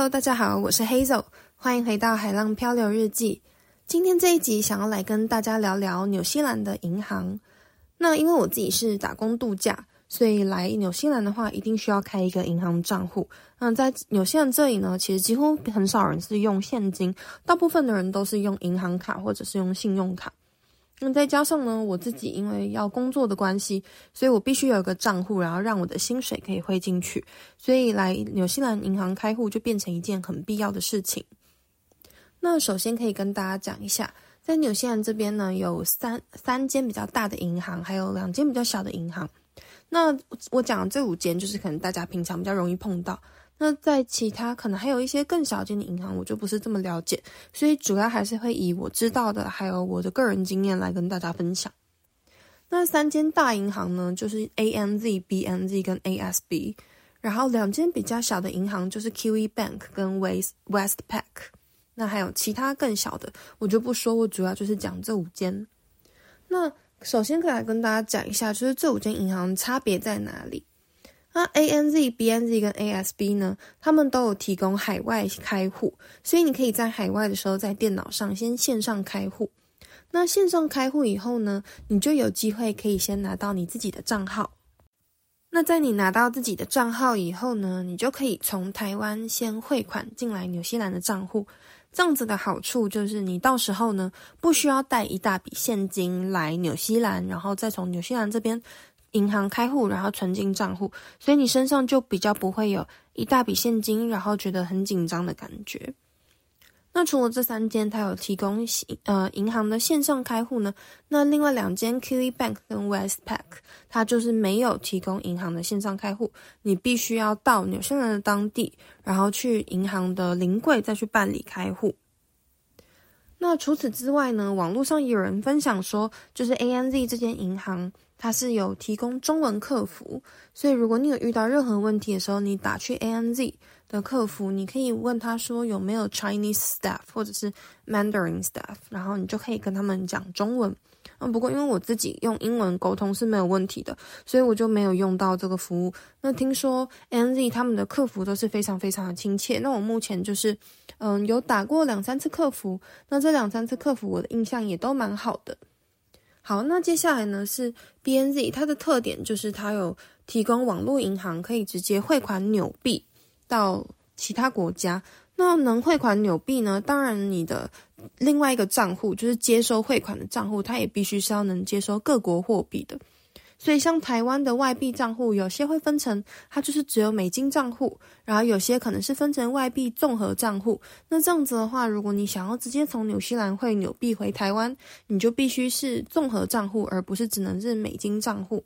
Hello，大家好，我是 Hazel，歡迎回到《海浪漂流日記》。今天這一集想要來跟大家聊聊紐西蘭的銀行。那因為我自己是打工度假，所以來紐西蘭的話，一定需要開一個銀行賬戶。那在紐西蘭這裡呢，其實幾乎很少人是用現金，大部分的人都是用銀行卡或者是用信用卡。那麼再加上呢，我自己因為要工作的關係，所以我必須有一個賬戶，然後讓我的薪水可以匯進去，所以來紐西蘭銀行開戶就變成一件很必要的事情。那首先可以跟大家講一下，在紐西蘭這邊呢，有三三間比較大的銀行，還有兩間比較小的銀行。那我講的這五間，就是可能大家平常比較容易碰到。那在其他可能還有一些更小間的銀行，我就不是這麼了解，所以主要還是會以我知道的，還有我的個人經驗來跟大家分享。那三間大銀行呢，就是 A N Z B N Z 跟 A S B，然後兩間比較小的銀行就是 Q E Bank 跟 West Westpac，那還有其他更小的我就不說，我主要就是講這五間。那首先可以來跟大家講一下，就是這五間銀行差別在哪裡。那 ANZ、BNZ 跟 ASB 呢，他們都有提供海外開戶，所以你可以在海外的時候在電腦上先線上開戶。那線上開戶以後呢，你就有機會可以先拿到你自己的賬號。那在你拿到自己的賬號以後呢，你就可以從台灣先匯款進來紐西蘭的賬戶。這樣子的好處就是你到時候呢，不需要帶一大筆現金來紐西蘭，然後再從紐西蘭這邊。銀行開戶，然後存進賬戶，所以你身上就比較不會有一大筆現金，然後覺得很緊張的感覺。那除了這三間，它有提供銀呃銀行的線上開戶呢，那另外兩間 Kiwi Bank 跟 Westpac，它就是沒有提供銀行的線上開戶，你必須要到紐西蘭的當地，然後去銀行的臨櫃再去辦理開戶。那除此之外呢，網絡上有人分享說，就是 ANZ 這間銀行。它是有提供中文客服，所以如果你有遇到任何問題的時候，你打去 ANZ 的客服，你可以問他說有沒有 Chinese staff 或者是 Mandarin staff，然後你就可以跟他們講中文。嗯，不過因為我自己用英文溝通是沒有問題的，所以我就沒有用到這個服務。那聽說 ANZ 他們的客服都是非常非常的親切，那我目前就是嗯有打過兩三次客服，那這兩三次客服我的印象也都蠻好的。好，那接下來呢是 BNZ，它的特點就是它有提供網絡銀行，可以直接匯款紐幣到其他國家。那能匯款紐幣呢？當然，你的另外一個賬戶就是接收匯款的賬戶，它也必須是要能接收各國貨幣的。所以，像台灣的外幣賬戶，有些會分成，它就是只有美金賬戶；然後有些可能是分成外幣綜合賬戶。那這樣子的話，如果你想要直接從紐西蘭匯紐幣回台灣，你就必須是綜合賬戶，而不是只能是美金賬戶。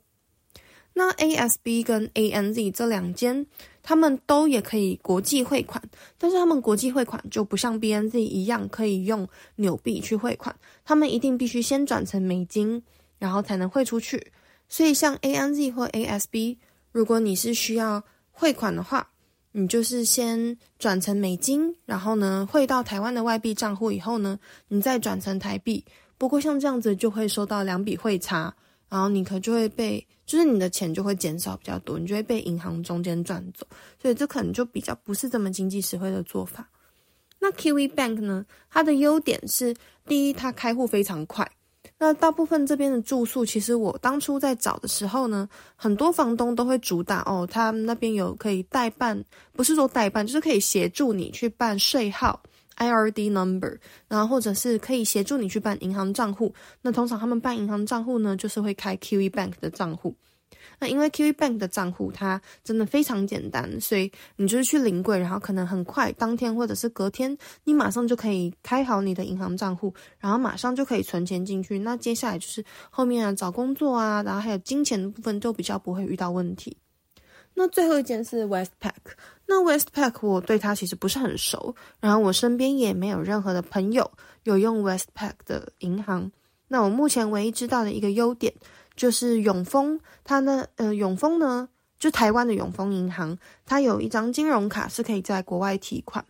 那 ASB 跟 ANZ 這兩間，他們都也可以國際匯款，但是他們國際匯款就不像 BNZ 一樣可以用紐幣去匯款，他們一定必須先轉成美金，然後才能匯出去。所以，像 A N Z 或 A S B，如果你是需要匯款的話，你就是先轉成美金，然後呢匯到台灣的外幣賬戶以後呢，你再轉成台幣。不過，像這樣子就會收到兩筆匯差，然後你可就會被，就是你的錢就會減少比較多，你就會被銀行中間賺走。所以，這可能就比較不是這麼經濟實惠的做法。那 Kiwi Bank 呢？它的優點是，第一，它開戶非常快。那大部分這邊的住宿，其實我當初在找的時候呢，很多房東都會主打哦，他們那邊有可以代辦，不是說代辦，就是可以協助你去辦稅號 （IRD number），然後或者是可以協助你去辦銀行賬戶。那通常他們辦銀行賬戶呢，就是會開 QE Bank 的賬戶。那因為 Kiwi Bank 的賬戶，它真的非常簡單，所以你就是去臨櫃，然後可能很快當天或者是隔天，你馬上就可以開好你的銀行賬戶，然後馬上就可以存錢進去。那接下來就是後面啊，找工作啊，然後還有金錢的部分都比較不會遇到問題。那最後一件是 Westpac，那 Westpac 我對它其實不是很熟，然後我身邊也沒有任何的朋友有用 Westpac 的銀行。那我目前唯一知道的一個優點。就是永豐，它呢，呃，永豐呢，就台灣的永豐銀行，它有一張金融卡是可以在國外提款。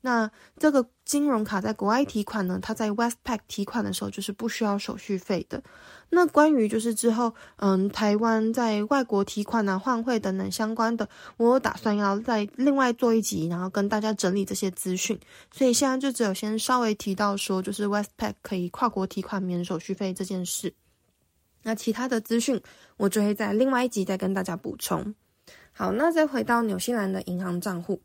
那這個金融卡在國外提款呢，它在 Westpac 提款的時候就是不需要手續費的。那關於就是之後，嗯，台灣在外國提款啊、換匯等等相關的，我打算要再另外做一集，然後跟大家整理這些資訊。所以現在就只有先稍微提到說，就是 Westpac 可以跨國提款免手續費這件事。那其他的資訊，我就會在另外一集再跟大家補充。好，那再回到紐西蘭的銀行賬戶，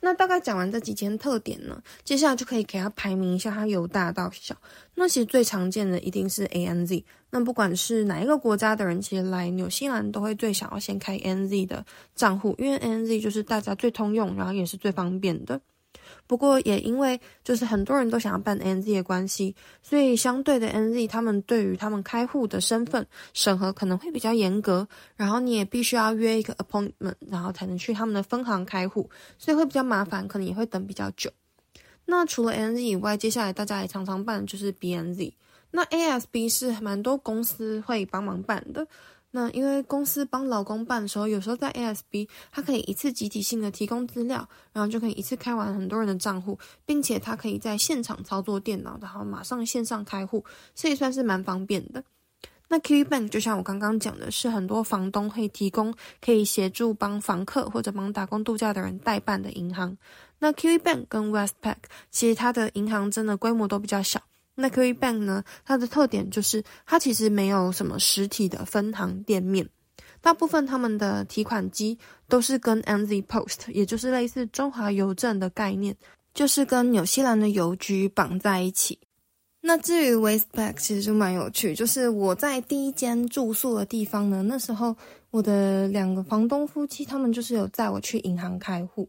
那大概講完這幾間特點呢，接下來就可以給它排名一下，它由大到小。那其實最常見的一定是 ANZ，那不管是哪一個國家的人，其實來紐西蘭都會最想要先開 ANZ 的賬戶，因為 ANZ 就是大家最通用，然後也是最方便的。不過也因為就是很多人都想要辦 ANZ 的關係，所以相對的 ANZ 他們對於他們開戶的身份審核可能會比較嚴格，然後你也必須要約一個 appointment，然後才能去他們的分行開戶，所以會比較麻煩，可能也會等比較久。那除了 ANZ 以外，接下來大家也常常辦的就是 BNZ，那 ASB 是蠻多公司會幫忙辦的。那因為公司幫老公辦的時候，有時候在 ASB，他可以一次集體性的提供資料，然後就可以一次開完很多人的賬戶，並且他可以在現場操作電腦，然後馬上線上開戶，所以算是蠻方便的。那 Kiwi Bank 就像我剛剛講的是，是很多房東會提供可以協助幫房客或者幫打工度假的人代辦的銀行。那 Kiwi Bank 跟 Westpac 其實它的銀行真的規模都比較小。那 Kiwibank 呢，它的特點就是它其實沒有什麼實體的分行店面，大部分他們的提款機都是跟 NZ Post，也就是類似中華郵政的概念，就是跟紐西蘭的郵局綁在一起。那至於 Westpac 其實就蠻有趣，就是我在第一間住宿的地方呢，那時候我的兩個房東夫妻，他們就是有帶我去銀行開戶。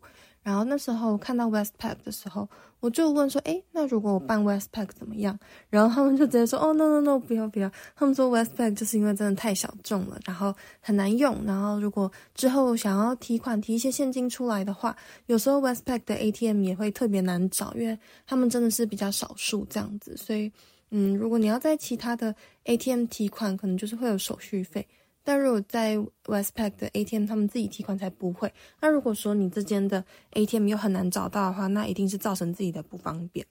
然後那時候看到 Westpac 的時候，我就問說：“誒，那如果我辦 Westpac 怎麼樣？”然後他們就直接說：“哦，no，no，no，no, no, 不要，不要。”他們說 Westpac 就是因為真的太小眾了，然後很難用。然後如果之後想要提款提一些現金出來的話，有時候 Westpac 的 ATM 也會特別難找，因為他們真的是比較少數這樣子。所以，嗯，如果你要在其他的 ATM 提款，可能就是會有手續費。那如果在 Westpac 的 ATM，他們自己提款才不會。那如果說你這間的 ATM 又很難找到的話，那一定是造成自己的不方便。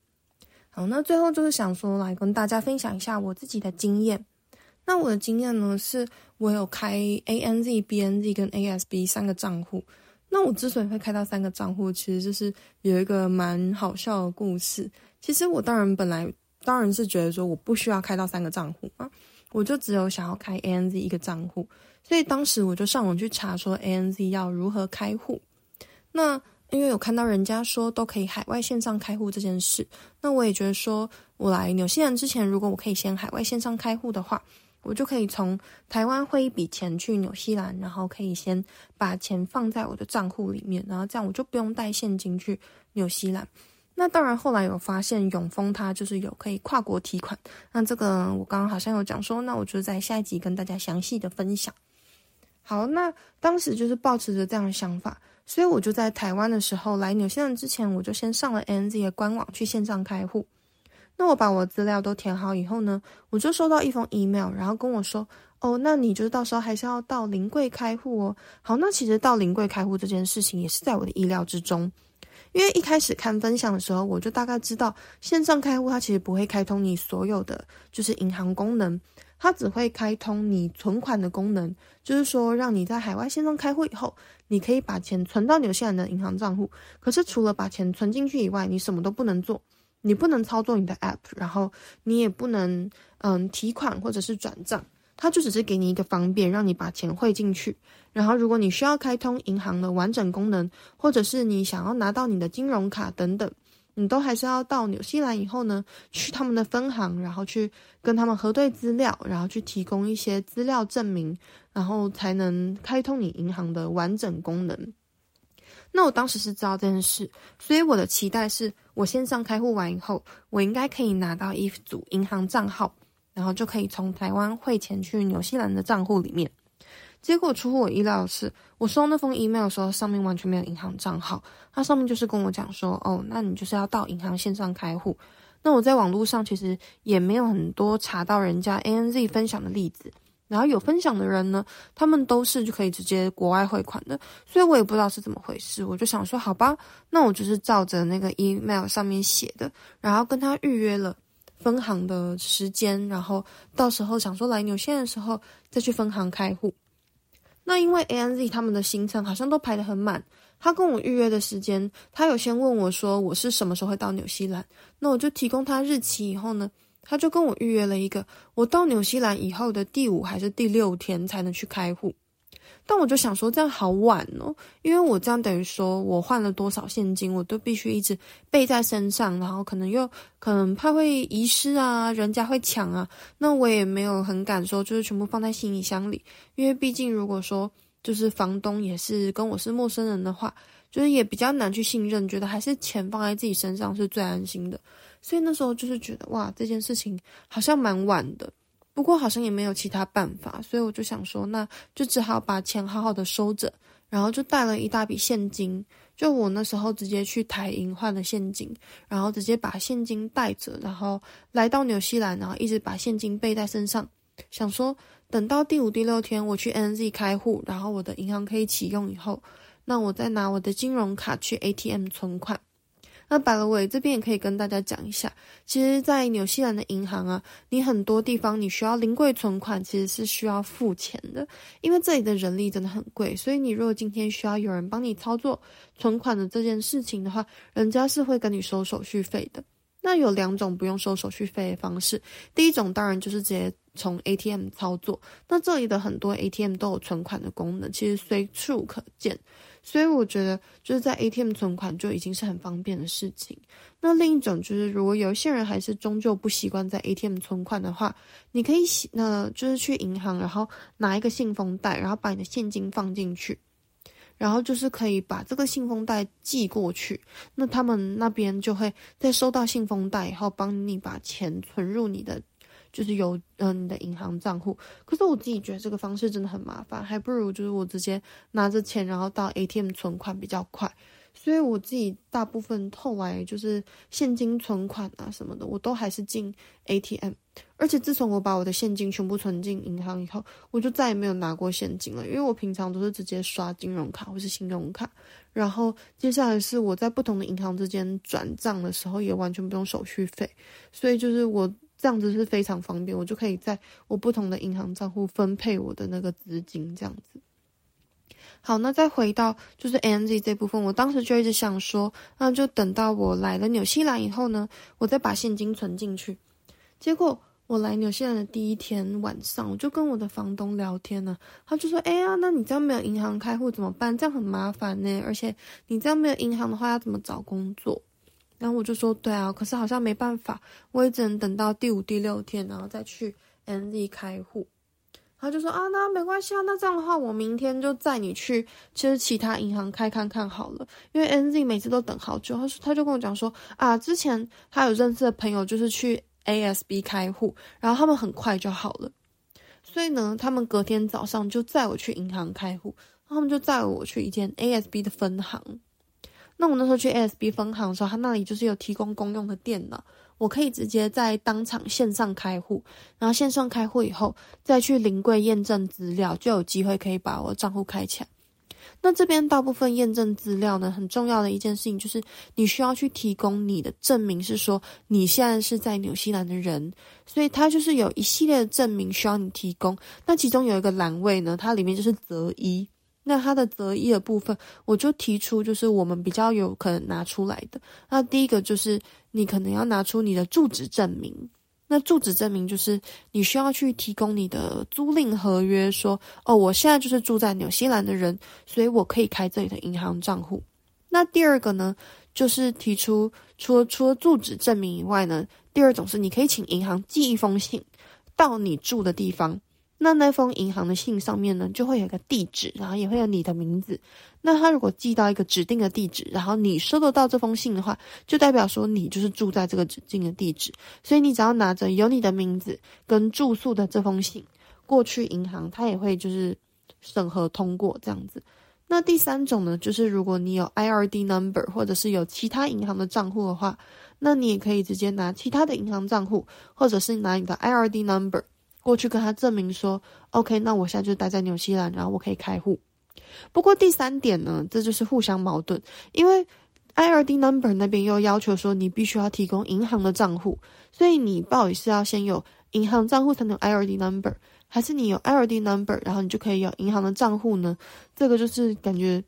好，那最後就是想說來跟大家分享一下我自己的經驗。那我的經驗呢，是我有開 ANZ、BNZ 跟 ASB 三個賬戶。那我之所以會開到三個賬戶，其實就是有一個蠻好笑的故事。其實我當然本來當然是覺得說我不需要開到三個賬戶啊。我就只有想要開 ANZ 一個賬戶，所以當時我就上網去查說 ANZ 要如何開戶。那因為有看到人家說都可以海外線上開戶這件事，那我也覺得說，我來紐西蘭之前，如果我可以先海外線上開戶的話，我就可以從台灣匯一筆錢去紐西蘭，然後可以先把錢放在我的賬戶裡面，然後這樣我就不用帶現金去紐西蘭。那當然，後來有發現永豐它就是有可以跨國提款，那這個我剛剛好像有講說，那我就在下一集跟大家詳細的分享。好，那當時就是抱持着這樣的想法，所以我就在台灣的時候來紐西蘭之前，我就先上了 NZ 的官網去線上開戶。那我把我資料都填好以後呢，我就收到一封 email，然後跟我說：“哦，那你就到時候還是要到臨櫃開戶哦。”好，那其實到臨櫃開戶這件事情也是在我的意料之中。因為一開始看分享的時候，我就大概知道，線上開戶它其實不會開通你所有的，就是銀行功能，它只會開通你存款的功能，就是說讓你在海外線上開戶以後，你可以把錢存到紐西蘭的銀行賬戶。可是除了把錢存進去以外，你什麼都不能做，你不能操作你的 app，然後你也不能，嗯，提款或者是轉賬。他就只是給你一個方便，讓你把錢匯進去。然後，如果你需要開通銀行的完整功能，或者是你想要拿到你的金融卡等等，你都還是要到紐西蘭以後呢，去他們的分行，然後去跟他們核對資料，然後去提供一些資料證明，然後才能開通你銀行的完整功能。那我當時是知道這件事，所以我的期待是我線上開戶完以後，我應該可以拿到一組銀行賬號。然後就可以從台灣匯錢去紐西蘭的賬戶裡面。結果出乎我意料的是，我收那封 email 的時候，上面完全沒有銀行賬號，它上面就是跟我講說，哦，那你就是要到銀行線上開戶。那我在網絡上其實也沒有很多查到人家 ANZ 分享的例子。然後有分享的人呢，他們都是就可以直接國外匯款的，所以我也不知道是怎麼回事。我就想說，好吧，那我就是照着那個 email 上面寫的，然後跟他預約了。分行的時間，然後到時候想說來紐西蘭的時候再去分行開戶。那因為 ANZ 他們的行程好像都排得很滿，他跟我預約的時間，他有先問我說我是什麼時候會到紐西蘭，那我就提供他日期以後呢，他就跟我預約了一個我到紐西蘭以後的第五還是第六天才能去開戶。但我就想說，這樣好晚哦，因為我這樣等於說我換了多少現金，我都必須一直背在身上，然後可能又可能怕會遺失啊，人家會搶啊，那我也沒有很敢說，就是全部放在行李箱裡，因為畢竟如果說就是房東也是跟我是陌生人的話，就是也比較難去信任，覺得還是錢放在自己身上是最安心的，所以那時候就是覺得哇，這件事情好像蠻晚的。不過好像也沒有其他辦法，所以我就想說，那就只好把錢好好的收着然後就帶了一大筆現金。就我那時候直接去台銀換了現金，然後直接把現金帶着然後來到紐西蘭，然後一直把現金背在身上，想說等到第五、第六天我去 NZ 開戶，然後我的銀行可以啟用以後，那我再拿我的金融卡去 ATM 存款。那白了，偉這邊也可以跟大家講一下，其實，在紐西蘭的銀行啊，你很多地方你需要臨櫃存款，其實是需要付錢的，因為這裡的人力真的很貴，所以你如果今天需要有人幫你操作存款的這件事情的話，人家是會跟你收手續費的。那有兩種不用收手續費的方式，第一種當然就是直接從 ATM 操作，那這裡的很多 ATM 都有存款的功能，其實隨處可見。所以我覺得就是在 ATM 存款就已經是很方便的事情。那另一種就是，如果有一些人還是終究不習慣在 ATM 存款的話，你可以寫，那就是去銀行，然後拿一個信封袋，然後把你的現金放進去，然後就是可以把這個信封袋寄過去，那他們那邊就會在收到信封袋以後，幫你把錢存入你的。就是有嗯、呃，你的銀行賬戶。可是我自己覺得這個方式真的很麻煩，還不如就是我直接拿着錢，然後到 ATM 存款比較快。所以我自己大部分後來就是現金存款啊什麼的，我都還是進 ATM。而且自從我把我的現金全部存進銀行以後，我就再也沒有拿過現金了，因為我平常都是直接刷金融卡或是信用卡。然後接下來是我在不同的銀行之間轉賬的時候，也完全不用手續費。所以就是我。這樣子是非常方便，我就可以在我不同的銀行賬戶分配我的那個資金。這樣子，好，那再回到就是 ANZ 這部分，我當時就一直想說，那就等到我來了紐西蘭以後呢，我再把現金存進去。結果我來紐西蘭的第一天晚上，我就跟我的房東聊天呢，他就說：“哎呀，那你這樣沒有銀行開戶怎麼辦？這樣很麻煩呢。而且你這樣沒有銀行的話，要怎麼找工作？”然後我就說，對啊，可是好像沒辦法，我也只能等到第五、第六天，然後再去 NZ 開戶。他就說啊，那沒關係啊，那這樣的話，我明天就載你去，其實其他銀行開看看好了。因為 NZ 每次都等好久，他說他就跟我講說啊，之前他有認識的朋友就是去 ASB 開戶，然後他們很快就好了。所以呢，他們隔天早上就載我去銀行開戶，然後他們就載我去一間 ASB 的分行。那我那時候去 ASB 分行的時候，他那裡就是有提供公用的電腦，我可以直接在當場線上開戶，然後線上開戶以後再去臨櫃驗證資料，就有機會可以把我賬戶開起來。那這邊大部分驗證資料呢，很重要的一件事情就是你需要去提供你的證明，是說你現在是在紐西蘭的人，所以它就是有一系列的證明需要你提供。那其中有一個欄位呢，它裡面就是擇一。那他的擇一的部分，我就提出，就是我們比較有可能拿出來的。那第一個就是你可能要拿出你的住址證明。那住址證明就是你需要去提供你的租賃合約，說哦，我現在就是住在紐西蘭的人，所以我可以開這裡的銀行賬戶。那第二個呢，就是提出除了除了住址證明以外呢，第二種是你可以請銀行寄一封信到你住的地方。那那封銀行的信上面呢，就會有一個地址，然後也會有你的名字。那他如果寄到一個指定的地址，然後你收得到這封信的話，就代表說你就是住在這個指定的地址。所以你只要拿着有你的名字跟住宿的這封信過去銀行，他也會就是審核通過這樣子。那第三種呢，就是如果你有 IRD number 或者是有其他銀行的賬戶的話，那你也可以直接拿其他的銀行賬戶，或者是拿你的 IRD number。過去跟他證明說，OK，那我現在就待在紐西蘭，然後我可以開戶。不過第三點呢，這就是互相矛盾，因為 IRD number 那邊又要求說你必須要提供銀行的賬戶，所以你到底是要先有銀行賬戶才能有 IRD number？還是你有 IRD number，然後你就可以有銀行的賬戶呢？這個就是感覺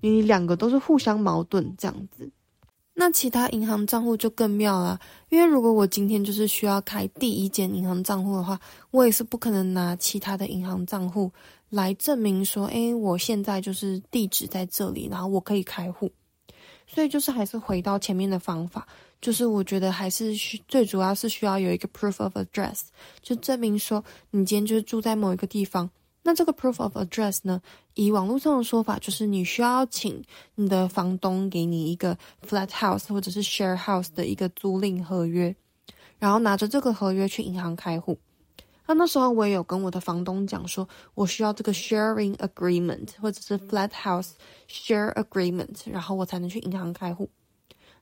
你兩個都是互相矛盾這樣子。那其他銀行賬戶就更妙了，因為如果我今天就是需要開第一間銀行賬戶的話，我也是不可能拿其他的銀行賬戶來證明說，哎、欸，我現在就是地址在這裡，然後我可以開戶。所以就是還是回到前面的方法，就是我覺得還是需，最主要是需要有一個 proof of address，就證明說你今天就是住在某一個地方。那這個 proof of address 呢，以網絡上的說法，就是你需要請你的房東給你一個 flat house 或者是 share house 的一個租賃合約，然後拿着這個合約去銀行開戶。那那時候我也有跟我的房東講說，我需要這個 sharing agreement 或者是 flat house share agreement，然後我才能去銀行開戶。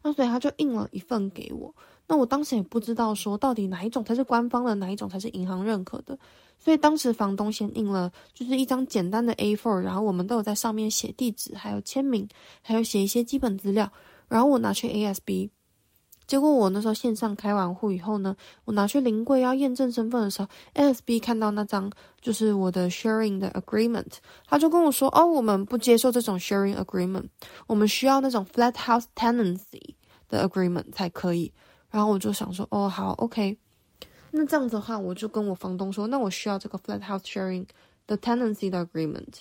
那所以他就印了一份給我。那我當時也不知道說，到底哪一種才是官方的，哪一種才是銀行認可的。所以當時房東先印了，就是一張簡單的 A4，然後我們都有在上面寫地址，還有簽名，還有寫一些基本資料。然後我拿去 ASB，結果我那時候線上開完戶以後呢，我拿去臨櫃要驗證身份的時候，ASB 看到那張就是我的 Sharing 的 Agreement，他就跟我說：“哦，我們不接受這種 Sharing Agreement，我們需要那種 Flat House Tenancy 的 Agreement 才可以。”然後我就想說：“哦，好，OK。”那這樣子的話，我就跟我房東說，那我需要這個 flat house sharing the tenancy agreement。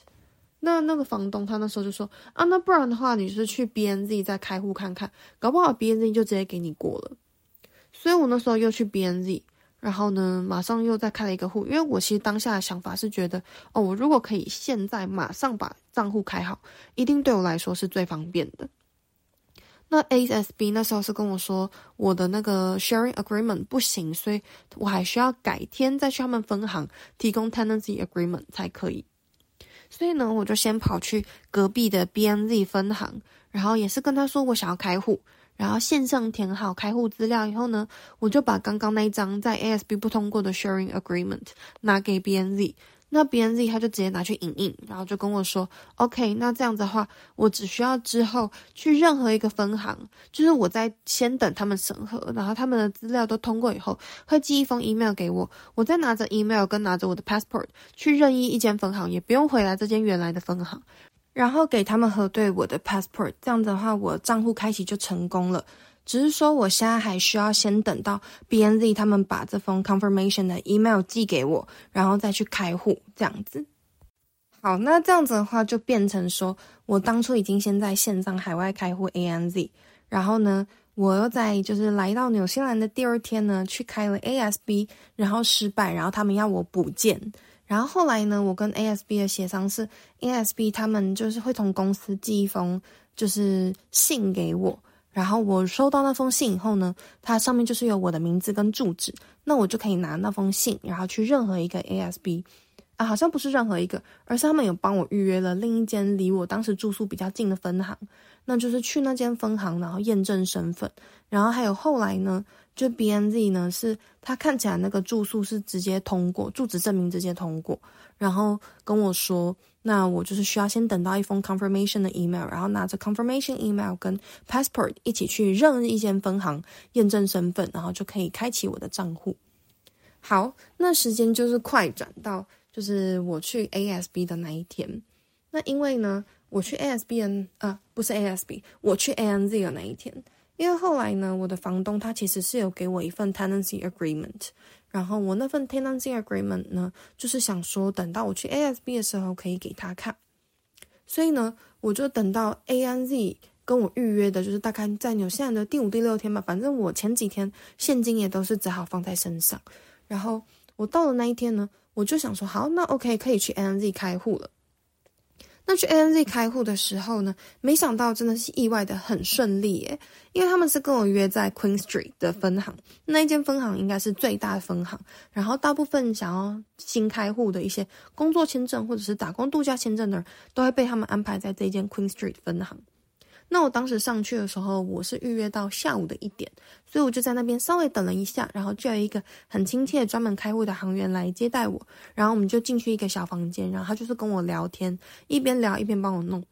那那個房東他那時候就說，啊，那不然的話，你就是去 BNZ 再開戶看看，搞不好 BNZ 就直接給你過了。所以我那時候又去 BNZ，然後呢，馬上又再開了一個戶，因為我其實當下的想法是覺得，哦，我如果可以現在馬上把賬戶開好，一定對我來說是最方便的。那 ASB 那時候是跟我說，我的那個 Sharing Agreement 不行，所以我還需要改天再去他們分行提供 Tenancy Agreement 才可以。所以呢，我就先跑去隔壁的 BNZ 分行，然後也是跟他說我想要開戶，然後線上填好開戶資料以後呢，我就把剛剛那一張在 ASB 不通過的 Sharing Agreement 拿給 BNZ。那 BNZ 他就直接拿去影印，然後就跟我說，OK，那這樣子的話，我只需要之後去任何一個分行，就是我在先等他們審核，然後他們的資料都通過以後，會寄一封 email 給我，我再拿着 email 跟拿着我的 passport 去任意一間分行，也不用回來這間原來的分行，然後給他們核對我的 passport，這樣的話，我賬戶開啟就成功了。只是說，我現在還需要先等到 B N Z 他們把這封 confirmation 的 email 寄給我，然後再去開戶，這樣子。好，那這樣子的話，就變成說我當初已經先在線上海外開戶 A N Z，然後呢，我又在就是來到紐西蘭的第二天呢，去開了 A S B，然後失敗，然後他們要我補件，然後後來呢，我跟 A S B 的協商是，A S B 他們就是會從公司寄一封就是信給我。然後我收到那封信以後呢，它上面就是有我的名字跟住址，那我就可以拿那封信，然後去任何一個 ASB 啊，好像不是任何一個，而是他們有幫我預約了另一間離我當時住宿比較近的分行，那就是去那間分行，然後驗證身份，然後還有後來呢，就 BNZ 呢是他看起來那個住宿是直接通過，住址證明直接通過。然後跟我說，那我就是需要先等到一封 confirmation 的 email，然後拿着 confirmation email 跟 passport 一起去任意一間分行驗證身份，然後就可以開啟我的賬戶。好，那時間就是快轉到就是我去 ASB 的那一天。那因為呢，我去 ASB n 呃，不是 ASB，我去 ANZ 的那一天。因為後來呢，我的房東他其實是有給我一份 tenancy agreement。然後我那份 Tenancy Agreement 呢，就是想說等到我去 ASB 的時候可以給他看，所以呢，我就等到 ANZ 跟我預約的，就是大概在紐西蘭的第五、第六天吧。反正我前幾天現金也都是只好放在身上。然後我到了那一天呢，我就想說，好，那 OK 可以去 ANZ 開戶了。那去 ANZ 開戶的時候呢，沒想到真的是意外的很順利耶，因為他們是跟我約在 Queen Street 的分行，那一間分行應該是最大的分行，然後大部分想要新開戶的一些工作簽證或者是打工度假簽證的人，都會被他們安排在這間 Queen Street 分行。那我當時上去的時候，我是預約到下午的一點，所以我就在那邊稍微等了一下，然後就有一個很親切、專門開戶的行員來接待我，然後我們就進去一個小房間，然後他就是跟我聊天，一邊聊一邊幫我弄。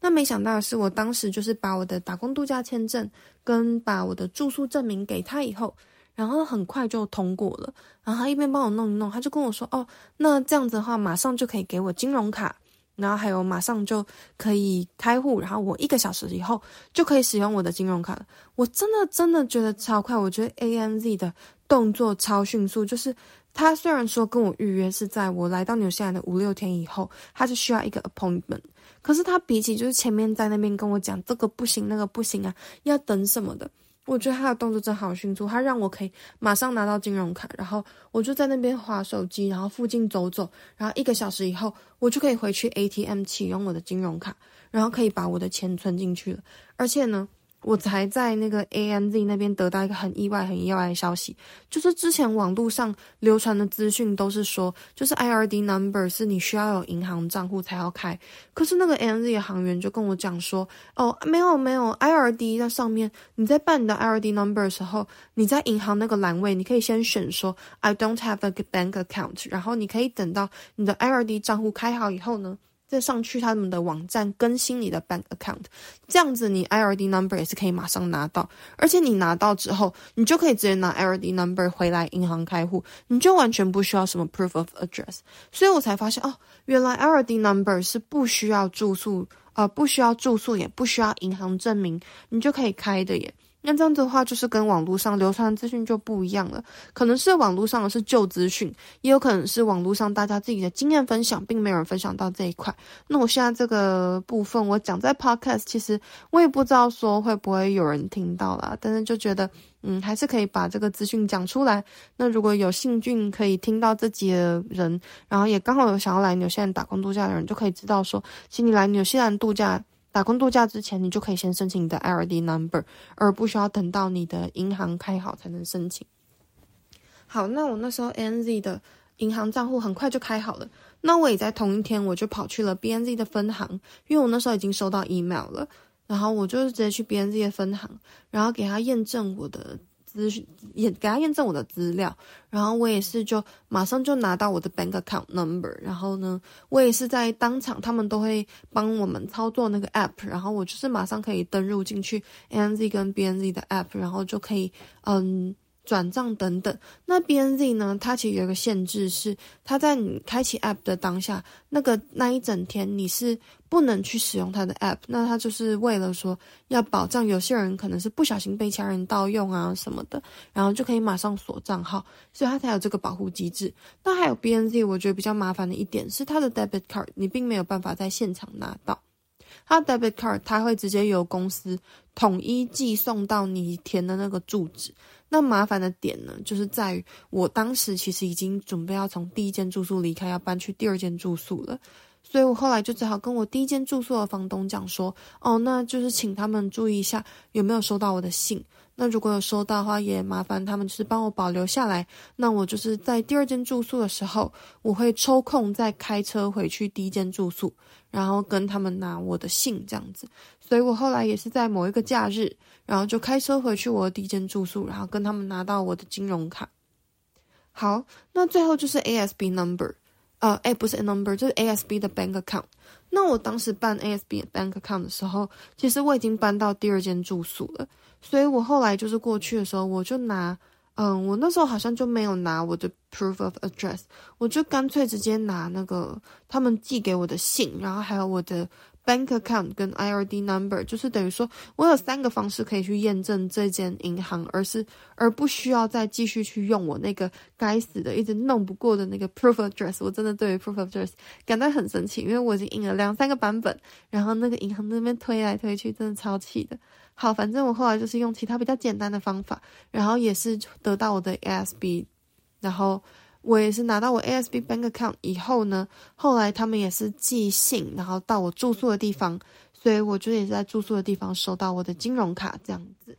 那沒想到的是，我當時就是把我的打工度假簽證跟把我的住宿證明給他以後，然後很快就通過了，然後他一邊幫我弄一弄，他就跟我說：“哦，那這樣子的話，馬上就可以給我金融卡。”然後還有馬上就可以開戶，然後我一個小時以後就可以使用我的金融卡了。我真的真的覺得超快，我覺得 ANZ 的動作超迅速。就是他雖然說跟我預約是在我來到紐西蘭的五六天以後，他是需要一個 appointment，可是他比起就是前面在那邊跟我講這個不行那個不行啊，要等什麼的。我覺得他的動作真好迅速，他讓我可以馬上拿到金融卡，然後我就在那邊滑手機，然後附近走走，然後一個小時以後，我就可以回去 ATM 啟用我的金融卡，然後可以把我的錢存進去了，而且呢。我才在那個 A N Z 那邊得到一個很意外、很意外的消息，就是之前網絡上流傳的資訊都是說，就是 I R D number 是你需要有銀行賬戶才要開。可是那個 A N Z 的行員就跟我講說，哦，沒有沒有，I R D 在上面，你在辦你的 I R D number 的時候，你在銀行那個欄位，你可以先選說 I don't have a bank account，然後你可以等到你的 I R D 賬戶開好以後呢。再上去他們的網站更新你的 bank account，這樣子你 IRD number 也是可以馬上拿到，而且你拿到之後，你就可以直接拿 IRD number 回來銀行開戶，你就完全不需要什麼 proof of address，所以我才發現哦，原來 IRD number 是不需要住宿，呃，不需要住宿也，也不需要銀行證明，你就可以開的耶。那這樣子的話，就是跟網絡上流傳的資訊就不一樣了。可能是網絡上的是舊資訊，也有可能是網絡上大家自己的經驗分享，並沒有人分享到這一塊。那我現在這個部分，我講在 Podcast，其實我也不知道說會不會有人聽到啦，但是就覺得，嗯，還是可以把這個資訊講出來。那如果有興趣可以聽到自己的人，然後也剛好有想要來紐西蘭打工度假的人，就可以知道說，請你來紐西蘭度假，打工度假之前，你就可以先申請你的 IRD number，而不需要等到你的銀行開好才能申請。好，那我那時候 ANZ 的銀行賬戶很快就開好了，那我也在同一天我就跑去了 BNZ 的分行，因為我那時候已經收到 email 了，然後我就直接去 BNZ 的分行，然後給他驗證我的。詢驗給他驗證我的資料，然後我也是就馬上就拿到我的 bank account number，然後呢，我也是在當場，他們都會幫我們操作那個 app，然後我就是馬上可以登錄進去 ANZ 跟 BNZ 的 app，然後就可以，嗯。轉賬等等，那 BNZ 呢？它其實有一個限制是，是它在你開啟 App 的當下，那個那一整天你是不能去使用它的 App。那它就是為了說要保障，有些人可能是不小心被其他人盜用啊什麼的，然後就可以馬上鎖賬號，所以它才有這個保護機制。那還有 BNZ，我覺得比較麻煩的一點是它的 Debit Card，你並沒有辦法在現場拿到，它的 Debit Card 它會直接由公司統一寄送到你填的那個住址。那麻煩的點呢，就是在於我當時其實已經準備要從第一間住宿離開，要搬去第二間住宿了，所以我後來就只好跟我第一間住宿的房東講說，哦，那就是請他們注意一下有沒有收到我的信。那如果有收到的話，也麻煩他們就是幫我保留下來。那我就是在第二間住宿的時候，我會抽空再開車回去第一間住宿，然後跟他們拿我的信這樣子。所以我後來也是在某一個假日，然後就開車回去我的第一間住宿，然後跟他們拿到我的金融卡。好，那最後就是 ASB number，呃，哎，不是 a number，就是 ASB 的 bank account。那我當時辦 ASB bank account 的時候，其實我已經搬到第二間住宿了。所以我後來就是過去的時候，我就拿，嗯，我那時候好像就沒有拿我的 proof of address，我就乾脆直接拿那個他們寄給我的信，然後還有我的。Bank account 跟 IRD number 就是等於說我有三個方式可以去驗證這間銀行，而是而不需要再繼續去用我那個該死的一直弄不過的那個 Proof of address。我真的對於 Proof of address 感到很神奇，因為我已經印了兩三個版本，然後那個銀行那邊推來推去，真的超氣的。好，反正我後來就是用其他比較簡單的方法，然後也是得到我的 ASB，然後。我也是拿到我 ASB bank account 以後呢，後來他們也是寄信，然後到我住宿的地方，所以我就也是在住宿的地方收到我的金融卡這樣子。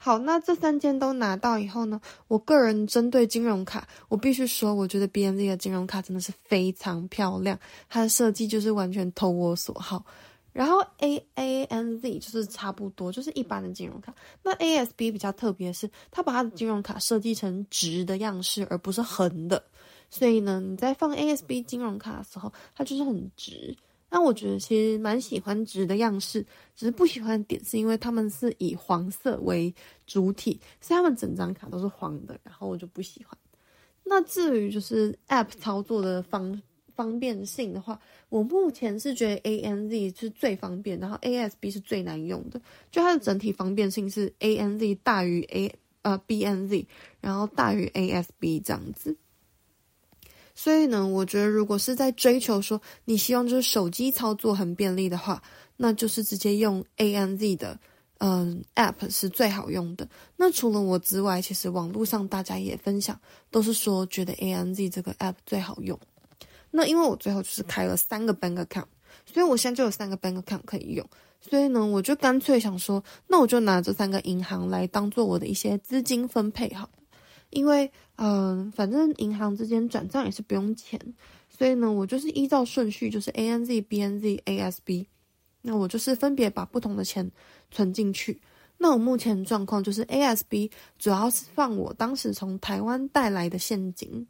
好，那這三間都拿到以後呢，我個人針對金融卡，我必須說，我覺得 BNZ 的金融卡真的是非常漂亮，它的設計就是完全投我所好。然後 A A N Z 就是差不多，就是一般的金融卡。那 A S B 比較特別是，它把它的金融卡設計成直的樣式，而不是橫的。所以呢，你在放 A S B 金融卡的時候，它就是很直。那我覺得其實蠻喜歡直的樣式，只是不喜歡點是因為它們是以黃色為主體，所以它們整張卡都是黃的，然後我就不喜歡。那至於就是 App 操作的方式。方便性的話，我目前是覺得 ANZ 是最方便，然後 ASB 是最難用的。就它的整體方便性是 ANZ 大於 A 呃 BNZ，然後大於 ASB 這樣子。所以呢，我覺得如果是在追求說你希望就是手機操作很便利的話，那就是直接用 ANZ 的嗯 App 是最好用的。那除了我之外，其實網絡上大家也分享都是說覺得 ANZ 這個 App 最好用。那因為我最後就是開了三個 bank account，所以我現在就有三個 bank account 可以用，所以呢，我就乾脆想說，那我就拿這三個銀行來當做我的一些資金分配好，因為，嗯、呃，反正銀行之間轉賬也是不用錢，所以呢，我就是依照順序，就是 ANZ、BNZ、ASB，那我就是分別把不同的錢存進去。那我目前狀況就是 ASB 主要是放我當時從台灣帶來的現金。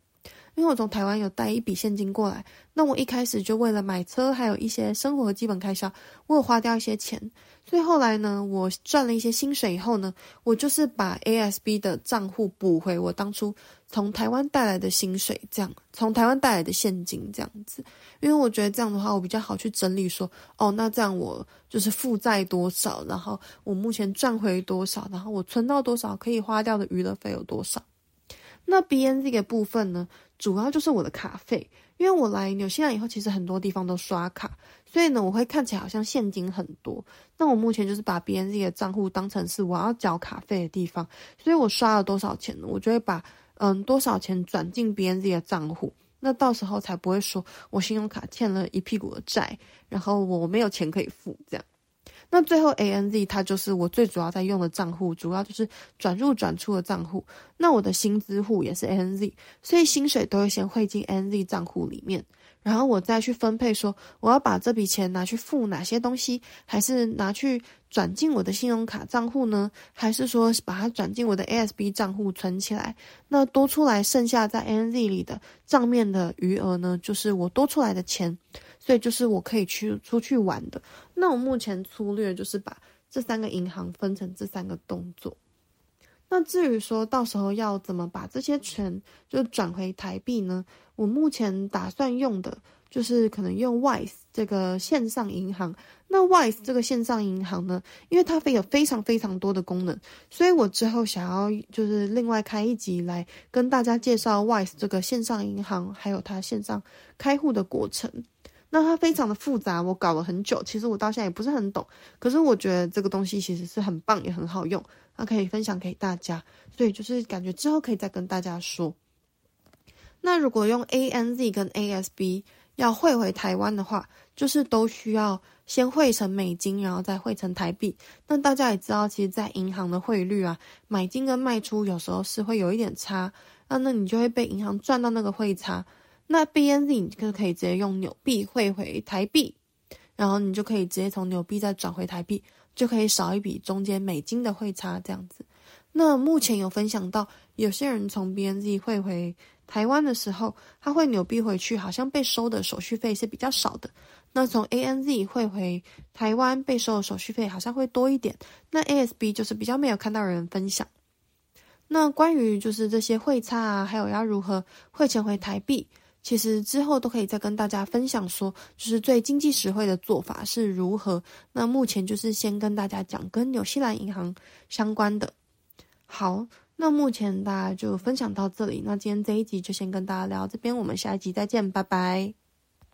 因為我從台灣有帶一筆現金過來，那我一開始就為了買車，還有一些生活和基本開銷，我有花掉一些錢。所以後來呢，我賺了一些薪水以後呢，我就是把 A S B 的賬戶補回我當初從台灣帶來的薪水，這樣從台灣帶來的現金這樣子。因為我覺得這樣的話，我比較好去整理說，哦，那這樣我就是負債多少，然後我目前賺回多少，然後我存到多少，可以花掉的娛樂費有多少。那 B N Z 的部分呢？主要就是我的卡費，因為我來紐西蘭以後，其實很多地方都刷卡，所以呢，我會看起來好像現金很多。那我目前就是把 BNZ 的賬戶當成是我要繳卡費的地方，所以我刷了多少錢呢，我就會把嗯多少錢轉進 BNZ 的賬戶，那到時候才不會說我信用卡欠了一屁股的債，然後我沒有錢可以付這樣。那最後，ANZ 它就是我最主要在用的賬戶，主要就是轉入轉出的賬戶。那我的薪資戶也是 ANZ，所以薪水都會先匯進 ANZ 賬戶裡面。然後我再去分配，說我要把這筆錢拿去付哪些東西，還是拿去轉進我的信用卡賬戶呢？還是說把它轉進我的 ASB 賬戶存起來？那多出來剩下在 ANZ 裡的賬面的餘額呢，就是我多出來的錢，所以就是我可以去出去玩的。那我目前粗略就是把這三個銀行分成這三個動作。那至於說到時候要怎麼把這些錢就轉回台幣呢？我目前打算用的就是可能用 Wise 這個線上銀行。那 Wise 這個線上銀行呢，因為它會有非常非常多的功能，所以我之後想要就是另外開一集來跟大家介紹 Wise 這個線上銀行，還有它線上開戶的過程。那它非常的複雜，我搞了很久，其實我到現在也不是很懂，可是我覺得這個東西其實是很棒，也很好用。那、啊、可以分享給大家，所以就是感覺之後可以再跟大家說。那如果用 ANZ 跟 ASB 要匯回台灣的話，就是都需要先匯成美金，然後再匯成台幣。那大家也知道，其實，在銀行的匯率啊，買進跟賣出有時候是會有一點差，那那你就會被銀行賺到那個匯差。那 BNZ 你就可以直接用紐幣匯回台幣，然後你就可以直接從紐幣再轉回台幣。就可以少一筆中間美金的匯差，這樣子。那目前有分享到，有些人從 B N Z 匯回台灣的時候，他會紐幣回去，好像被收的手續費是比較少的。那從 A N Z 匯回台灣被收的手續費好像會多一點。那 A S B 就是比較沒有看到人分享。那關於就是這些匯差啊，還有要如何匯錢回台幣。其實之後都可以再跟大家分享，說就是最經濟實惠的做法是如何。那目前就是先跟大家講跟紐西蘭銀行相關的。好，那目前大家就分享到這裡。那今天這一集就先跟大家聊這邊，我們下一集再見，拜拜。